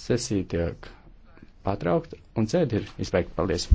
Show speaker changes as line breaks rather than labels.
sesija tiek pārtraukta un sēdi ir izbeigta. Paldies!